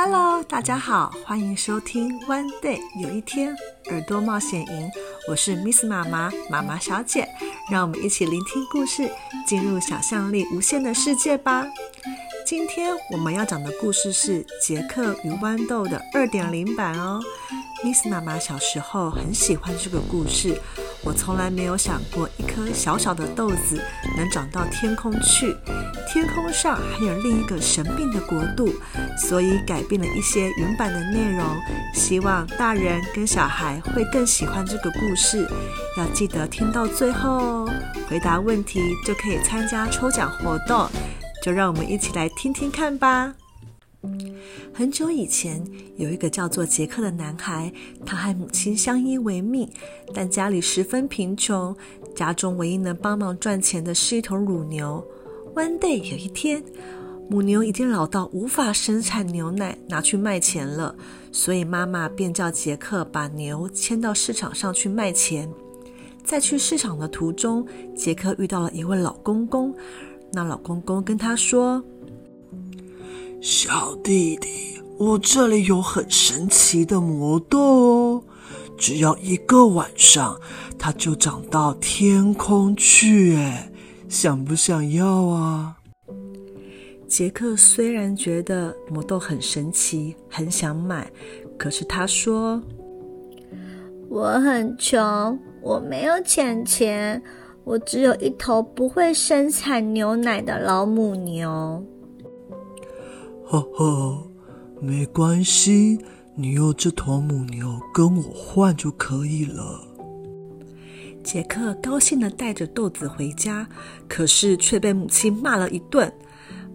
Hello，大家好，歡迎收聽《One Day 有一天耳朵冒險營》，我是 Miss 媽媽，媽媽小姐，讓我們一起聆聽故事，進入想象力無限的世界吧。今天我們要講的故事是《傑克與豌豆》的二點零版哦。Miss 媽媽小時候很喜歡這個故事。我從來沒有想過，一顆小小的豆子能長到天空去。天空上還有另一個神秘的國度，所以改變了一些原版的內容，希望大人跟小孩會更喜歡這個故事。要記得聽到最後哦，回答問題就可以參加抽獎活動，就讓我們一起來聽聽看吧。很久以前，有一個叫做傑克的男孩，他和母親相依為命，但家裡十分貧窮。家中唯一能幫忙賺錢的是一頭乳牛。One day，有一天，母牛已經老到無法生產牛奶，拿去賣錢了，所以媽媽便叫傑克把牛牽到市場上去賣錢。在去市場的途中，傑克遇到了一位老公公，那老公公跟他說。小弟弟，我這裡有很神奇的魔豆哦，只要一個晚上，它就長到天空去。誒，想不想要啊？傑克雖然覺得魔豆很神奇，很想買，可是他說：“我很窮，我沒有錢錢，我只有一頭不會生產牛奶的老母牛。”呵呵，沒關係，你用這頭母牛跟我換就可以了。傑克高興的帶着豆子回家，可是卻被母親罵了一頓。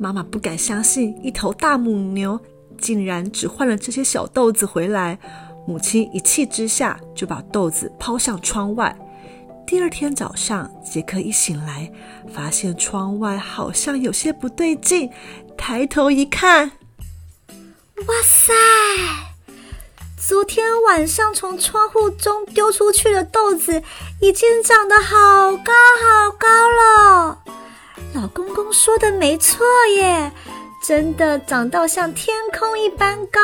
媽媽不敢相信，一頭大母牛竟然只換了這些小豆子回來。母親一氣之下，就把豆子拋向窗外。第二天早上，傑克一醒來，發現窗外好像有些不對勁。抬頭一看，哇塞！昨天晚上從窗戶中丟出去的豆子，已經長得好高好高了。老公公說的沒錯耶，真的長到像天空一般高，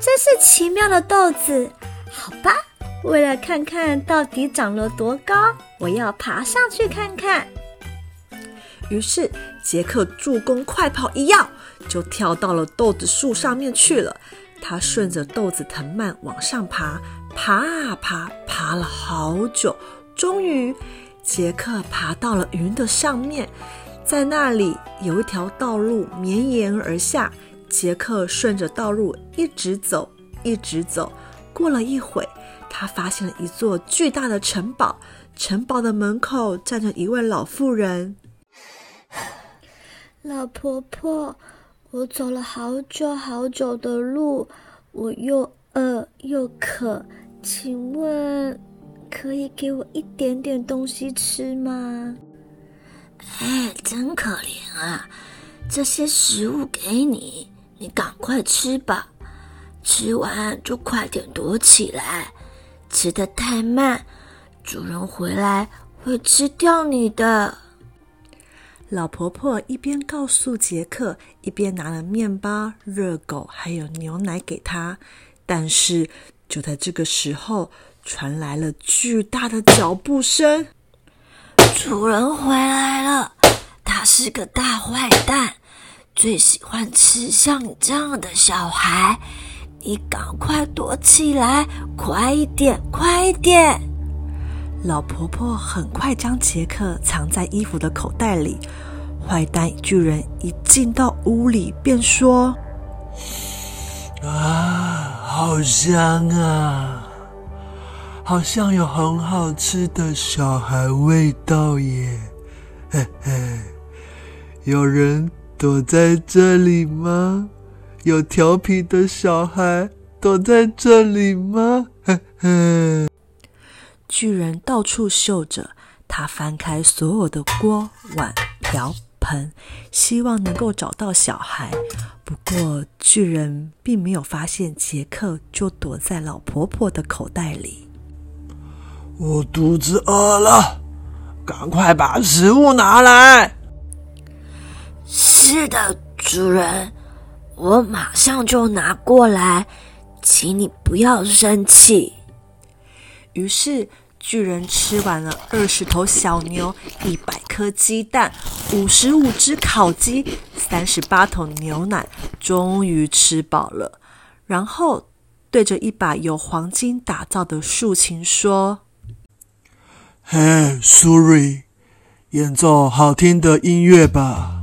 真是奇妙的豆子。好吧。為了看看到底長了多高，我要爬上去看看。於是，傑克助攻快跑一躍，就跳到了豆子樹上面去了。他順着豆子藤蔓往上爬，爬啊爬，爬了好久，終於，傑克爬到了雲的上面。在那裡，有一條道路綿延而下。傑克順着道路一直走，一直走。過了一會他發現了一座巨大的城堡，城堡的門口站着一位老婦人。老婆婆，我走了好久好久的路，我又餓又渴，請問可以給我一點點東西吃嗎？哎，真可憐啊，這些食物給你，你趕快吃吧，吃完就快點躲起來。吃得太慢，主人回來會吃掉你的。老婆婆一邊告訴傑克，一邊拿了麵包、熱狗還有牛奶給他。但是就在這個時候，傳來了巨大的腳步聲。主人回來了，他是個大壞蛋，最喜歡吃像你這樣的小孩。你趕快躲起來，快一點，快一點！老婆婆很快將傑克藏在衣服的口袋裡。壞蛋巨人一進到屋裡，便說：“啊，好香啊，好像有很好吃的小孩味道耶！嘿嘿，有人躲在這裡嗎？”有調皮的小孩躲在這裡嗎？ 巨人到處嗅着，他翻開所有的鍋碗瓢盆，希望能夠找到小孩。不過巨人並沒有發現，傑克就躲在老婆婆的口袋裡。我肚子餓了，趕快把食物拿來。是的，主人。我馬上就拿過來，請你不要生氣。於是巨人吃完了二十頭小牛、一百顆雞蛋、五十五隻烤雞、三十八桶牛奶，終於吃飽了。然後對着一把由黃金打造的豎琴說：“嘿，蘇瑞，演奏好聽的音樂吧。”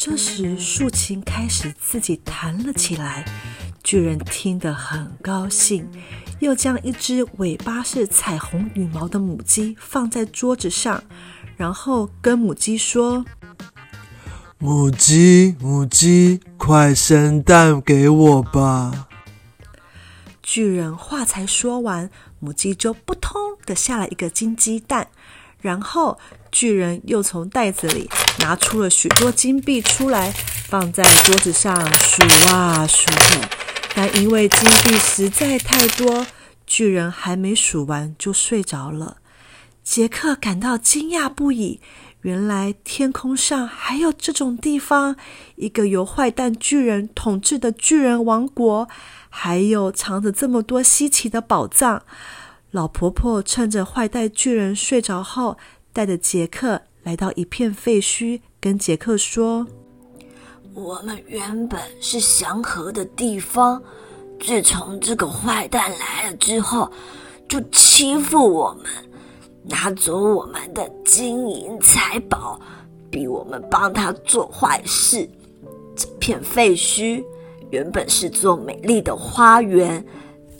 這時，豎琴開始自己彈了起來。巨人聽得很高興，又將一隻尾巴是彩虹羽毛的母雞放在桌子上，然後跟母雞說：“母雞，母雞，快生蛋給我吧！”巨人話才說完，母雞就撲通的下了一個金雞蛋。然後，巨人又從袋子裡拿出了許多金幣出來，放在桌子上數啊數啊。但因為金幣實在太多，巨人還沒數完就睡着了。傑克感到驚訝不已，原來天空上還有這種地方——一個由壞蛋巨人統治的巨人王國，還有藏着這麼多稀奇的寶藏。老婆婆趁着壞蛋巨人睡着後，帶着傑克來到一片廢墟，跟傑克說：“我們原本是祥和的地方，自從這個壞蛋來了之後，就欺負我們，拿走我們的金銀財寶，逼我們幫他做壞事。這片廢墟原本是座美麗的花園。”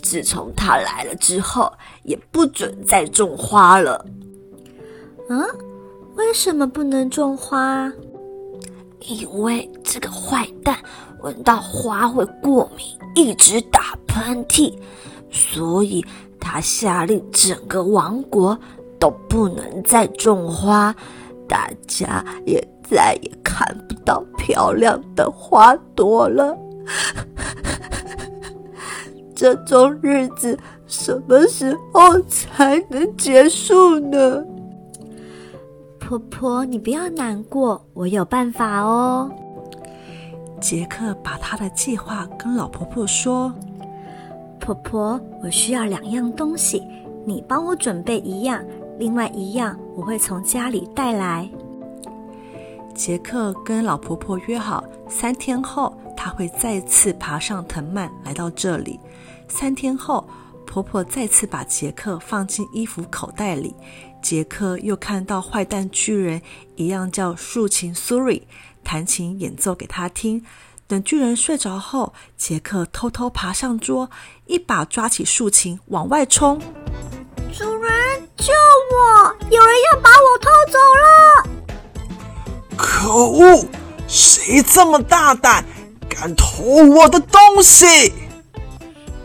自從他來了之後，也不准再種花了。嗯、啊，為什麼不能種花？因為這個壞蛋聞到花會過敏，一直打噴嚏，所以他下令整個王國都不能再種花，大家也再也看不到漂亮的花朵了。 這種日子什麼時候才能結束呢？婆婆，你不要難過，我有辦法哦。傑克把他的計劃跟老婆婆說：“婆婆，我需要兩樣東西，你幫我準備一樣，另外一樣我會從家裡帶來。”傑克跟老婆婆約好，三天後他會再次爬上藤蔓來到這裡。三天後，婆婆再次把傑克放進衣服口袋裡。傑克又看到壞蛋巨人一樣叫豎琴 Suri 彈琴演奏給他聽。等巨人睡着後，傑克偷偷偷爬上桌，一把抓起豎琴往外衝。主人救我！有人要把我偷走了！可惡，誰這麼大膽，敢偷我的東西？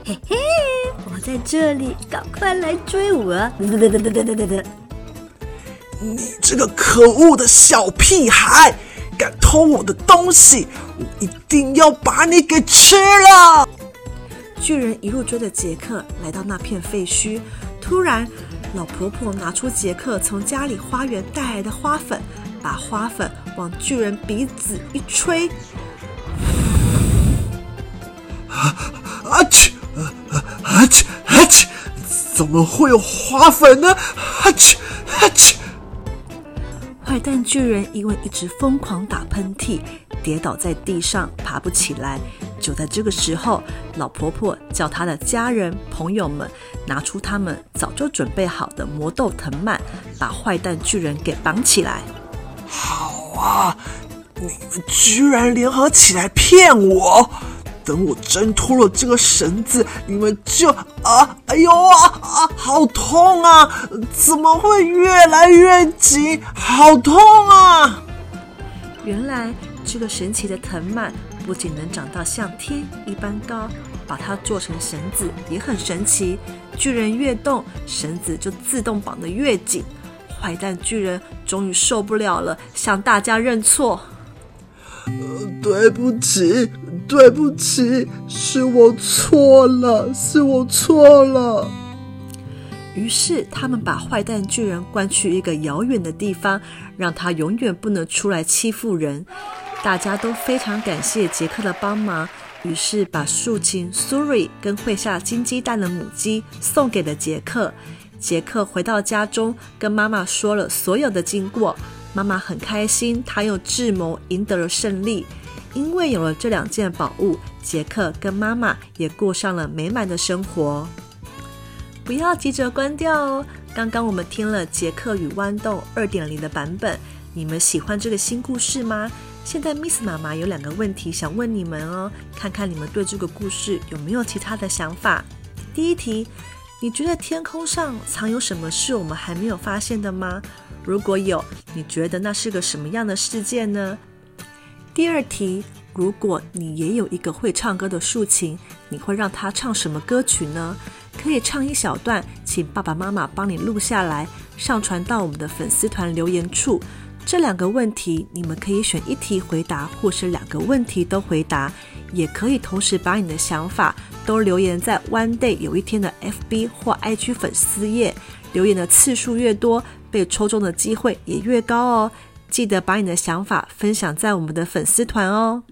嘿嘿，我在這裡，趕快來追我！你這個可惡的小屁孩，敢偷我的東西，我一定要把你給吃了！巨人一路追着傑克來到那片廢墟，突然，老婆婆拿出傑克從家裡花園帶來的花粉，把花粉往巨人鼻子一吹。 怎麼會有花粉呢？哈切哈切！啊、壞蛋巨人因為一直瘋狂打噴嚏，跌倒在地上，爬不起來。就在這個時候，老婆婆叫她的家人朋友們拿出他們早就準備好的魔豆藤蔓，把壞蛋巨人給綁起來。好啊，你們居然聯合起來騙我！等我掙脫了這個繩子，你們就啊，哎呦啊啊，好痛啊！怎麼會越來越緊？好痛啊！原來這個神奇的藤蔓不僅能長到像天一般高，把它做成繩子也很神奇。巨人越動，繩子就自動綁得越緊。壞蛋巨人終於受不了了，向大家認錯。呃，對不起，對不起，是我錯了，是我錯了。於是，他們把壞蛋巨人關去一個遙遠的地方，讓他永遠不能出來欺負人。大家都非常感謝傑克的幫忙，於是把豎琴、蘇瑞跟會下金雞蛋的母雞送給了傑克。傑克回到家中，跟媽媽說了所有的經過。媽媽很開心，她用智謀贏得了勝利。因為有了這兩件寶物，傑克跟媽媽也過上了美滿的生活。不要急着關掉哦，剛剛我們聽了《傑克與豌豆》二點零的版本，你們喜歡這個新故事嗎？現在 Miss 媽媽有兩個問題想問你們哦，看看你們對這個故事有沒有其他的想法。第一題。你覺得天空上藏有什麼是我們還沒有發現的嗎？如果有，你覺得那是個什麼樣的世界呢？第二題，如果你也有一個會唱歌的豎琴，你會讓他唱什麼歌曲呢？可以唱一小段，請爸爸媽媽幫你錄下來，上傳到我們的粉絲團留言處。這兩個問題，你們可以選一題回答，或是兩個問題都回答。也可以同時把你的想法都留言在 Oneday 有一天的 FB 或 IG 粉絲頁，留言的次數越多，被抽中的機會也越高哦。記得把你的想法分享在我們的粉絲團哦。